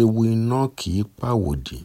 ewu iná kì í pàwọ̀dì